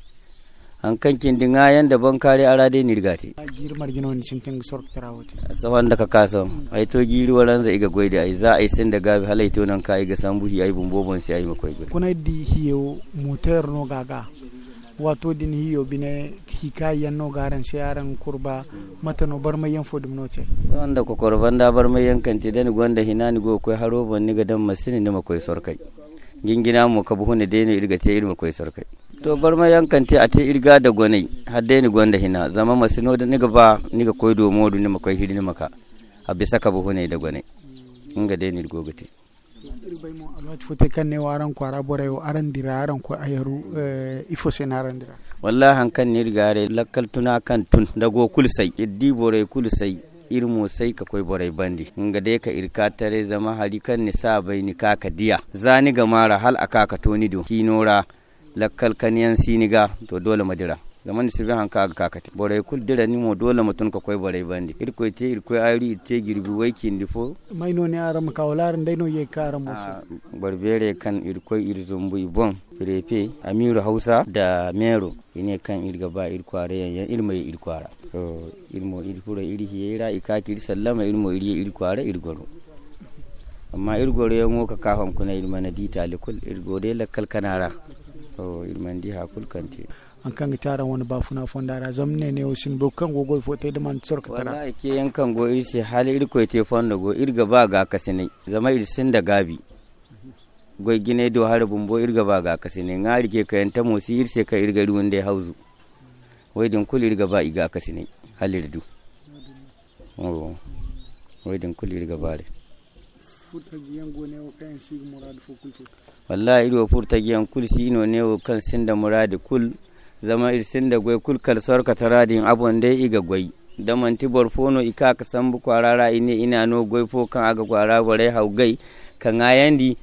an kankin dinga yanda ban kare ara dai ni rigati gina wani cin tinga sort tarawati sawan da ka kaso ai to giri waran za iga goyi da ai za ai sin da gabi halai to nan kai ga sambuhi ai bumbobon sai ai makoi gure kuna di hiyo motor no gaga wato din hiyo bine hikai yan no garan sai aran kurba mata no bar mai yan fodum no ce wanda ko korban da bar mai yan kanti dan gwanda hinani go koi haro ban ni ga dan masini ni makoi sorkai gingina mu ka buhuni dai ne irga te irin makoi sorkai to bar ma yankan te irga da gonai hadde ni gonda hina zama masino da niga ba niga koi domo modu ni makoy hidini maka bisa ka buhu ne da in ga dai ni gogate bay mo alwat fute waran ko ara bore o arandira aran ko ayaru eh, ifo sen wallahi kan ni rigare lakkal tuna kan tun dago kul sai iddi bore kul sai irmo sai ka koi borai bandi ga dai ka irka tare zama hari kan ni sa bai ni kaka diya zani ga mara hal aka ka toni do kinora lakkal kaniyan siniga to dole madira zaman sibi hanka ga kakati borai kul dira ni mo dole mutun ka koy borai bandi ir koy te ir koy ayri te girbi wai kindi fo mai no ne aram ka walarin dai no ye karam mo ah, barbere kan ir koy ir zumbu ibon firefe amiru hausa da mero ine kan irga ba ir kware yan ir mai ir kwara to ir mo ir kura ir hiyera ikati ir sallama ir mo ir ir kwara ir goro amma ir goro yan ka kafan kuna ir mana dita likul ir gore lakkal kanara o il mandi an kan taron wani ba funa fonda ra zamne ne osin bo kan go goy fote de man tsorka tara wallahi ke yan kan go irse hali ir ko te fonda go irga ba ga kasine zama ir sin da gabi goy gine do har bumbo irga ba ga kasine ngari ke kayan ta mosi irse ka irga ruwan da hauzu wai din kul irga ba iga kasine halir du oh wai din kul irga ba le futa giyan go ne o kayan sig murad fo kulto wallahi ido furta giyan kul ino ne wo kan da muradi kul zama ir da gwe kul kal sorka taradin abon dai iga gwai da manti borfono ika ka bu kwarara ine ina no gwai fo kan aga kwara hau gai kan ayandi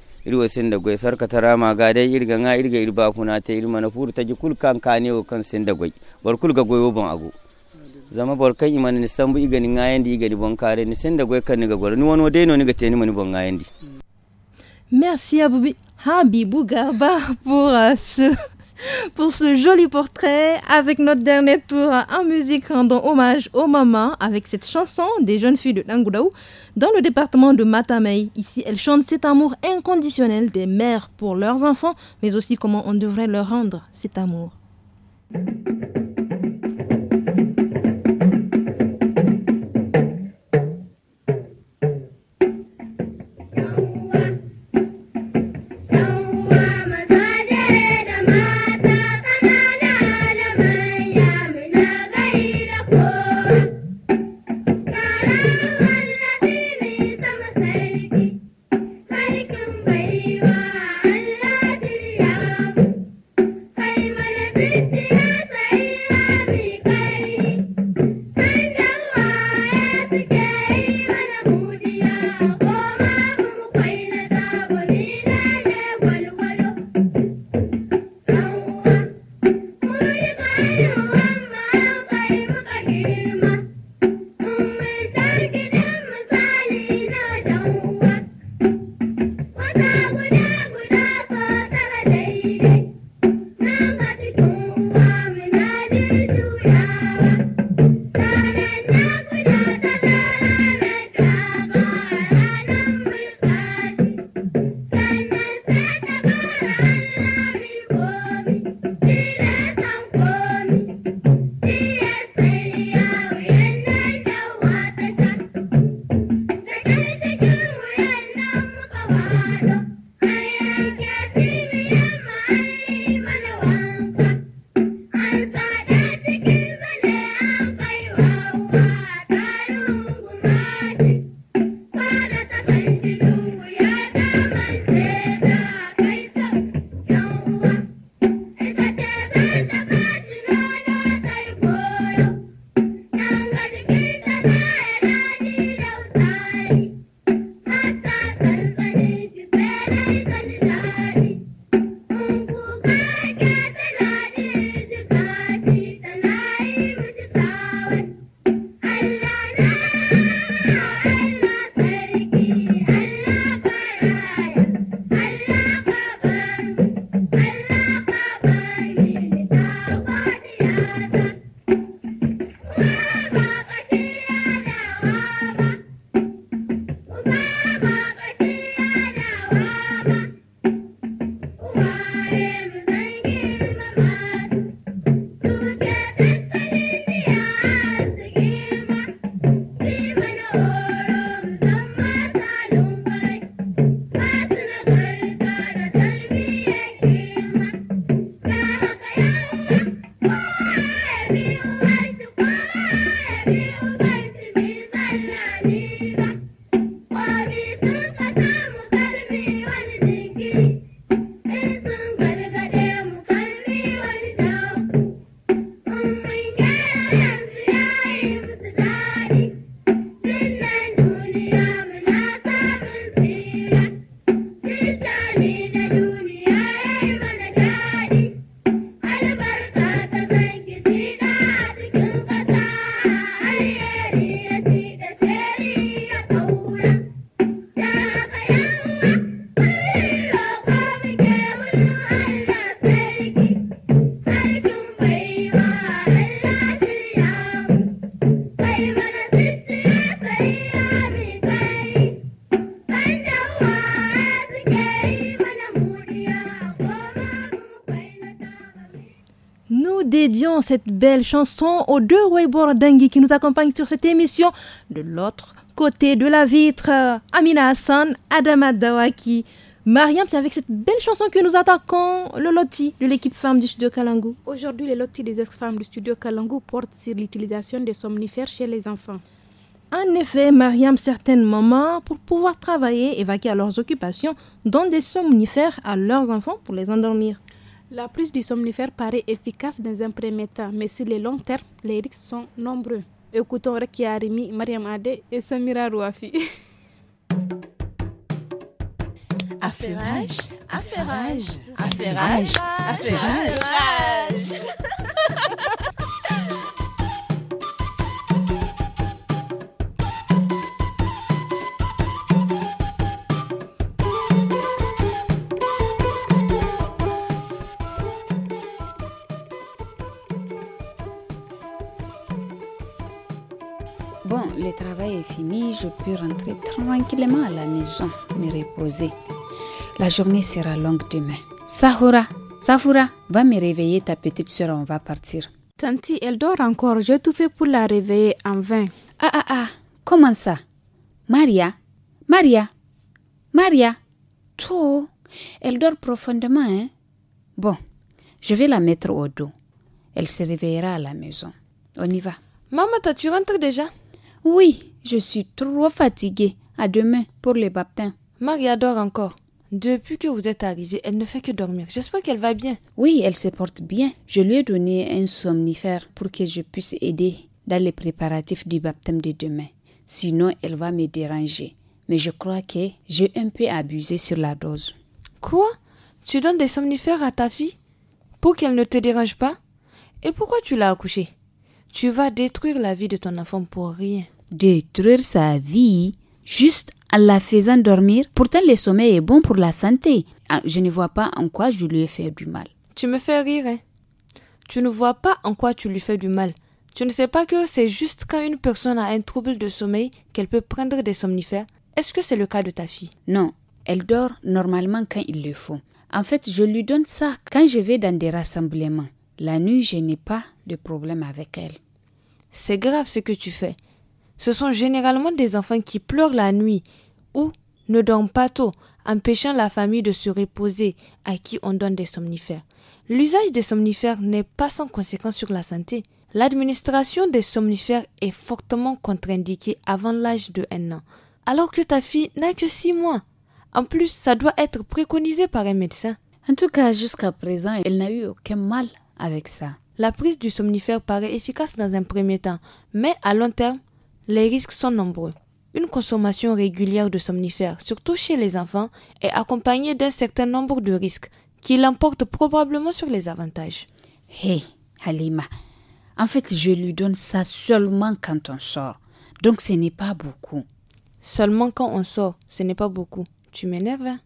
sin da gwai sarka tara ma ga dai ga nga ir ba funa ta irma na furta gi kul kan ne wo kan da gwai bor kul ga gwai wo bon ago zama bor kan imani ni sambu iga ni ayandi iga di bon kare ni da gwai kan ni ga gore ni wono dai no ni ga ni mani bon ayandi merci aboubi Habibou ah, Garba pour euh, ce pour ce joli portrait avec notre dernier tour en musique rendant hommage aux mamans avec cette chanson des jeunes filles de Langudaou dans le département de Matamei. Ici, elles chantent cet amour inconditionnel des mères pour leurs enfants, mais aussi comment on devrait leur rendre cet amour. cette belle chanson aux deux Dengi qui nous accompagnent sur cette émission. De l'autre côté de la vitre, Amina Hassan, Adama Dawaki. Mariam, c'est avec cette belle chanson que nous attaquons le loti de l'équipe femme du studio Kalangu. Aujourd'hui, le loti des ex-femmes du studio Kalangu porte sur l'utilisation des somnifères chez les enfants. En effet, Mariam, certaines mamans, pour pouvoir travailler et à leurs occupations, donnent des somnifères à leurs enfants pour les endormir. La prise du somnifère paraît efficace dans un premier temps, mais sur le long terme, les risques sont nombreux. Écoutons Rekia Arimi, Mariam Ade et Samira Rouafi. affairage, affairage, affaire. rentrer tranquillement à la maison, me reposer. La journée sera longue demain. Sahura, Sahura, va me réveiller ta petite soeur, on va partir. Tanti, elle dort encore, je tout fait pour la réveiller en vain. Ah ah ah, comment ça Maria, Maria, Maria, tout. Elle dort profondément, hein Bon, je vais la mettre au dos. Elle se réveillera à la maison. On y va. Maman, tu rentres déjà oui, je suis trop fatiguée. À demain pour le baptême. Marie adore encore. Depuis que vous êtes arrivée, elle ne fait que dormir. J'espère qu'elle va bien. Oui, elle se porte bien. Je lui ai donné un somnifère pour que je puisse aider dans les préparatifs du baptême de demain. Sinon, elle va me déranger. Mais je crois que j'ai un peu abusé sur la dose. Quoi Tu donnes des somnifères à ta fille pour qu'elle ne te dérange pas Et pourquoi tu l'as accouchée Tu vas détruire la vie de ton enfant pour rien détruire sa vie juste en la faisant dormir. Pourtant, le sommeil est bon pour la santé. Ah, je ne vois pas en quoi je lui ai fait du mal. Tu me fais rire. Hein? Tu ne vois pas en quoi tu lui fais du mal. Tu ne sais pas que c'est juste quand une personne a un trouble de sommeil qu'elle peut prendre des somnifères. Est-ce que c'est le cas de ta fille Non, elle dort normalement quand il le faut. En fait, je lui donne ça quand je vais dans des rassemblements. La nuit, je n'ai pas de problème avec elle. C'est grave ce que tu fais. Ce sont généralement des enfants qui pleurent la nuit ou ne dorment pas tôt, empêchant la famille de se reposer, à qui on donne des somnifères. L'usage des somnifères n'est pas sans conséquence sur la santé. L'administration des somnifères est fortement contre-indiquée avant l'âge de 1 an, alors que ta fille n'a que 6 mois. En plus, ça doit être préconisé par un médecin. En tout cas, jusqu'à présent, elle n'a eu aucun mal avec ça. La prise du somnifère paraît efficace dans un premier temps, mais à long terme, les risques sont nombreux. Une consommation régulière de somnifères, surtout chez les enfants, est accompagnée d'un certain nombre de risques qui l'emportent probablement sur les avantages. Hé, hey, Halima, en fait, je lui donne ça seulement quand on sort. Donc ce n'est pas beaucoup. Seulement quand on sort, ce n'est pas beaucoup. Tu m'énerves, hein?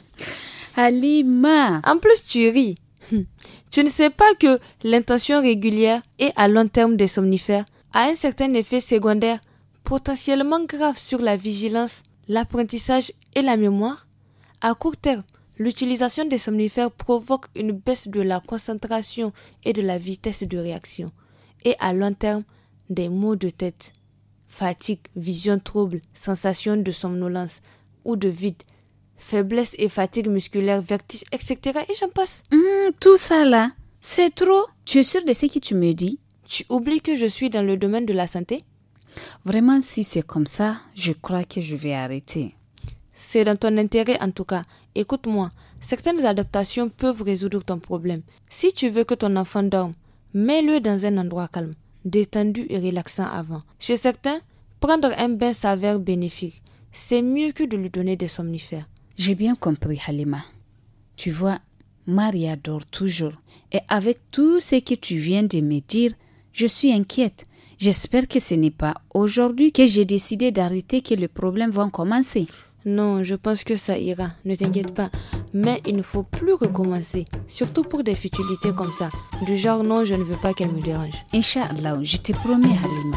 [laughs] Halima En plus, tu ris. [laughs] Tu ne sais pas que l'intention régulière et à long terme des somnifères a un certain effet secondaire potentiellement grave sur la vigilance, l'apprentissage et la mémoire. À court terme, l'utilisation des somnifères provoque une baisse de la concentration et de la vitesse de réaction, et à long terme, des maux de tête, fatigue, vision trouble, sensation de somnolence ou de vide, faiblesse et fatigue musculaire, vertige, etc. Et j'en passe. Hum, tout ça là, c'est trop. Tu es sûr de ce que tu me dis tu oublies que je suis dans le domaine de la santé Vraiment, si c'est comme ça, je crois que je vais arrêter. C'est dans ton intérêt en tout cas. Écoute-moi, certaines adaptations peuvent résoudre ton problème. Si tu veux que ton enfant dorme, mets-le dans un endroit calme, détendu et relaxant avant. Chez certains, prendre un bain s'avère bénéfique. C'est mieux que de lui donner des somnifères. J'ai bien compris, Halima. Tu vois, Maria dort toujours. Et avec tout ce que tu viens de me dire, je suis inquiète. J'espère que ce n'est pas aujourd'hui que j'ai décidé d'arrêter que les problèmes vont commencer. Non, je pense que ça ira, ne t'inquiète pas. Mais il ne faut plus recommencer, surtout pour des futilités comme ça. Du genre non, je ne veux pas qu'elle me dérange. Inch'Allah, je te promets, Halima.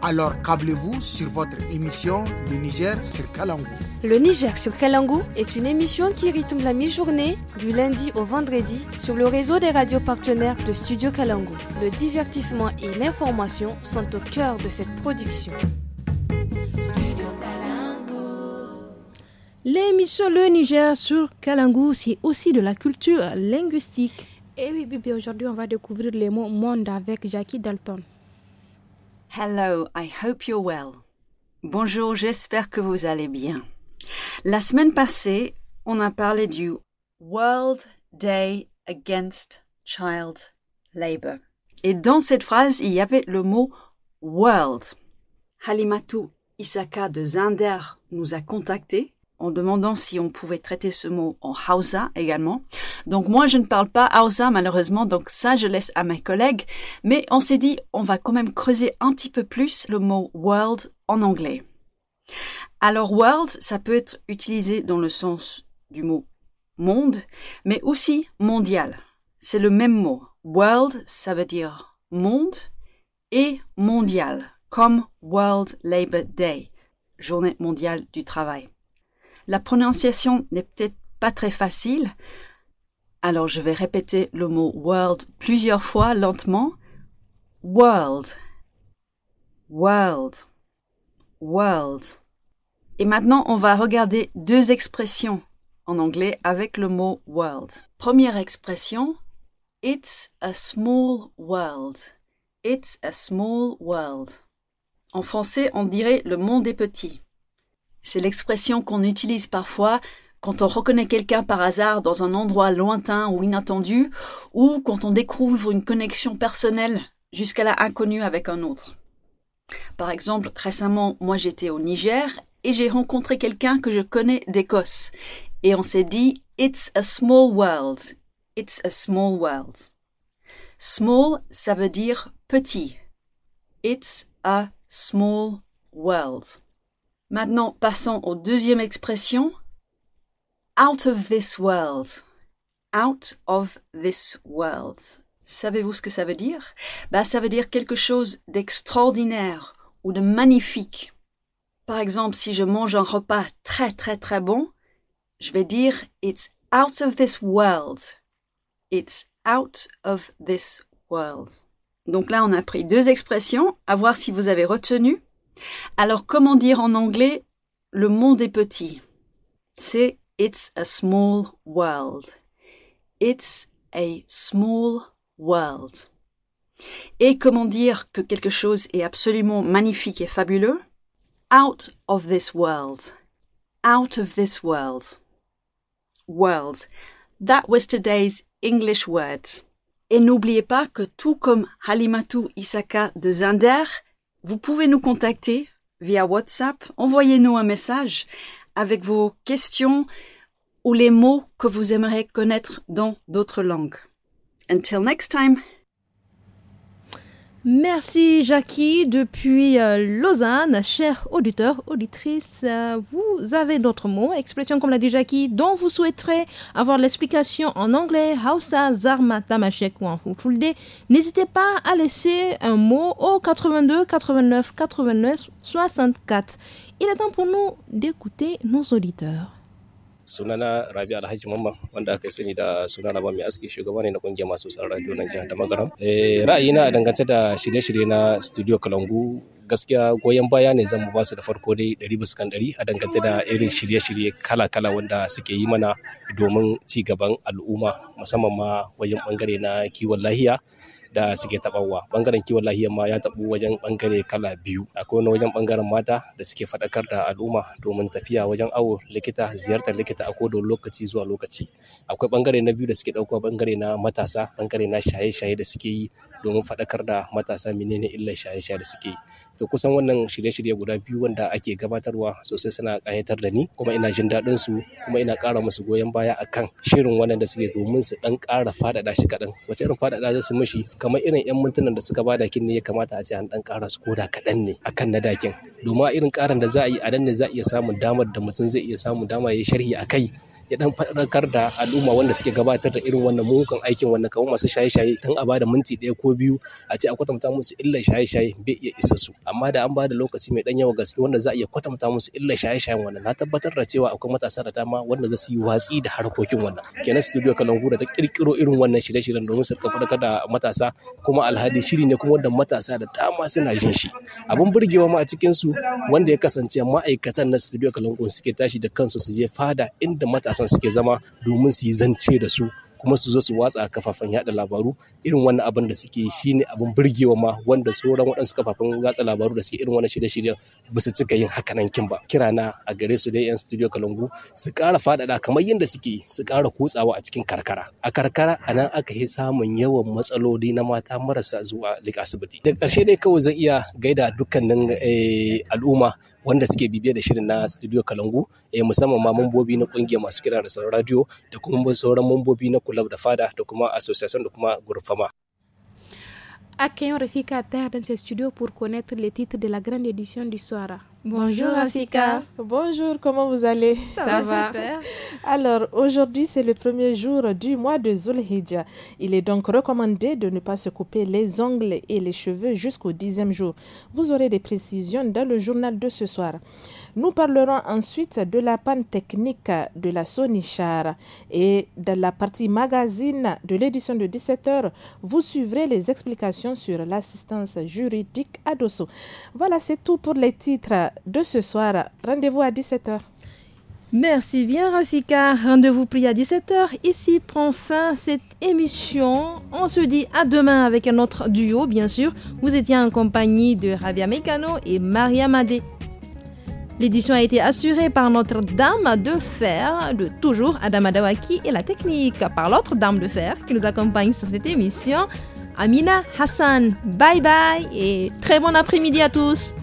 alors câblez-vous sur votre émission Le Niger sur Kalangou. Le Niger sur Kalangou est une émission qui rythme la mi-journée du lundi au vendredi sur le réseau des radios partenaires de Studio Kalangou. Le divertissement et l'information sont au cœur de cette production. L'émission Le Niger sur Kalangou, c'est aussi de la culture linguistique. Et eh oui, Bibi, aujourd'hui, on va découvrir les mots monde avec Jackie Dalton. Hello, I hope you're well. Bonjour, j'espère que vous allez bien. La semaine passée, on a parlé du World Day Against Child Labour. Et dans cette phrase, il y avait le mot world. Halimatu Isaka de Zinder nous a contactés en demandant si on pouvait traiter ce mot en Hausa également. Donc moi, je ne parle pas Hausa malheureusement, donc ça, je laisse à mes collègues. Mais on s'est dit, on va quand même creuser un petit peu plus le mot world en anglais. Alors world, ça peut être utilisé dans le sens du mot monde, mais aussi mondial. C'est le même mot. World, ça veut dire monde et mondial, comme World Labor Day, journée mondiale du travail. La prononciation n'est peut-être pas très facile. Alors je vais répéter le mot world plusieurs fois lentement. World. World. World. Et maintenant, on va regarder deux expressions en anglais avec le mot world. Première expression, It's a small world. It's a small world. En français, on dirait le monde est petit. C'est l'expression qu'on utilise parfois quand on reconnaît quelqu'un par hasard dans un endroit lointain ou inattendu, ou quand on découvre une connexion personnelle jusqu'à la inconnue avec un autre. Par exemple, récemment, moi j'étais au Niger et j'ai rencontré quelqu'un que je connais d'Écosse. Et on s'est dit, It's a small world. It's a small world. Small, ça veut dire petit. It's a small world. Maintenant, passons aux deuxième expression. Out of this world. Out of this world. Savez-vous ce que ça veut dire bah, Ça veut dire quelque chose d'extraordinaire ou de magnifique. Par exemple, si je mange un repas très très très bon, je vais dire It's out of this world. It's out of this world. Donc là, on a pris deux expressions, à voir si vous avez retenu. Alors comment dire en anglais le monde est petit C'est It's a small world. It's a small world. Et comment dire que quelque chose est absolument magnifique et fabuleux Out of this world. Out of this world. World. That was today's English word. Et n'oubliez pas que tout comme Halimatu Isaka de Zinder, vous pouvez nous contacter via WhatsApp, envoyez-nous un message avec vos questions ou les mots que vous aimeriez connaître dans d'autres langues. Until next time! Merci Jackie depuis euh, Lausanne, chers auditeurs, auditrices, euh, vous avez d'autres mots, expressions comme l'a dit Jackie, dont vous souhaiterez avoir l'explication en anglais, Hausa, Zarma, tamachek ou en N'hésitez pas à laisser un mot au 82 89 89 64. Il est temps pour nous d'écouter nos auditeurs. sunana rabi alhaji mamman wanda aka sani da sunan raba mai aski shugaba ne na kungiyar masu tsaron radio na jihar damagaram eh, ra'ayina a dangance da shirye-shirye na studio kalangu gaskiya goyon baya ne zan ba su da farko dai ɗari bisa kan ɗari a dangance da irin shirye-shirye kala-kala wanda suke yi mana domin ci gaban al'umma musamman ma wajen bangare na kiwon lahiya da suke tabawa bangaren kiwon lafiya ma ya taɓu wajen bangare kala biyu akwai wani wajen bangaren mata da suke faɗakar da al'umma domin tafiya wajen awo likita ziyartar likita a kodon lokaci zuwa lokaci akwai bangare na biyu da suke ɗauka bangare na matasa bangare na shaye-shaye da suke yi domin faɗakar da matasa menene illar shaye-shaye da suke To kusan wannan shirye-shirye guda biyu wanda ake gabatarwa sosai suna ƙayatar da ni kuma ina jin daɗin su kuma ina ƙara musu goyon baya akan shirin wannan da suke domin su ɗan ƙara faɗaɗa shi kaɗan. Wace irin faɗaɗa zasu su mishi kamar irin 'yan mintunan da suka bada kin ne ya kamata a ce an ɗan ƙara su koda kaɗan ne akan na dakin. Domin irin ƙarin da za a yi a nan ne za a iya samun damar da mutum zai iya samun dama ya yi sharhi a kai ya dan faɗakar da al'umma wanda suke gabatar da irin wannan mugun aikin wannan kamar masu shaye-shaye dan a bada minti ɗaya ko biyu a ce a kwatanta musu illa shaye-shaye bai iya isa su amma da an bada lokaci mai dan yawa gaske wanda za a iya kwatanta musu illa shaye-shayen wannan na tabbatar da cewa akwai matasa da dama wanda za su yi watsi da harkokin wannan kenan studio kalangu da ta kirkiro irin wannan shirye-shiryen domin su fadakar da matasa kuma alhadi shiri ne kuma wanda matasa da dama suna jin shi Abun burgewa ma a cikin su wanda ya kasance ma'aikatan na studio kalangu suke tashi da kansu su je fada inda matasa matasan suke zama domin su yi zance da su kuma su zo su watsa kafafen yada labaru irin wannan abin da suke shine abin burgewa ma wanda sauran waɗansu kafafen watsa labaru da suke irin wannan shirye-shiryen ba su cika yin haka nan kin ba kirana a gare su dai yan studio kalangu su ƙara faɗaɗa kamar yadda suke su ƙara kutsawa a cikin karkara a karkara a nan aka yi samun yawan matsaloli na mata marasa zuwa lik asibiti da ƙarshe dai kawai zan iya gaida dukkanin eh, al'umma wanda suke bibiye da shirin na studio kalangu eh, musamman ma mambobi na kungiyar masu kira da sauran radio da kuma sauran mambobi na club da fada da kuma association da kuma gurfama Accueillons Rafika Terre dans ce studio pour connaître les titres de la grande édition du soir. Bonjour Rafika. Bonjour, comment vous allez Ça, Ça va, va, super. Alors, aujourd'hui, c'est le premier jour du mois de Zulhidja. Il est donc recommandé de ne pas se couper les ongles et les cheveux jusqu'au dixième jour. Vous aurez des précisions dans le journal de ce soir. Nous parlerons ensuite de la panne technique de la Char et dans la partie magazine de l'édition de 17h. Vous suivrez les explications sur l'assistance juridique à Dosso. Voilà, c'est tout pour les titres de ce soir. Rendez-vous à 17h. Merci bien Rafika. Rendez-vous pris à 17h. Ici prend fin cette émission. On se dit à demain avec un autre duo, bien sûr. Vous étiez en compagnie de Rabia Meikano et Maria Madé. L'édition a été assurée par notre dame de fer de toujours, Adama Dawaki, et la technique par l'autre dame de fer qui nous accompagne sur cette émission, Amina Hassan. Bye bye et très bon après-midi à tous.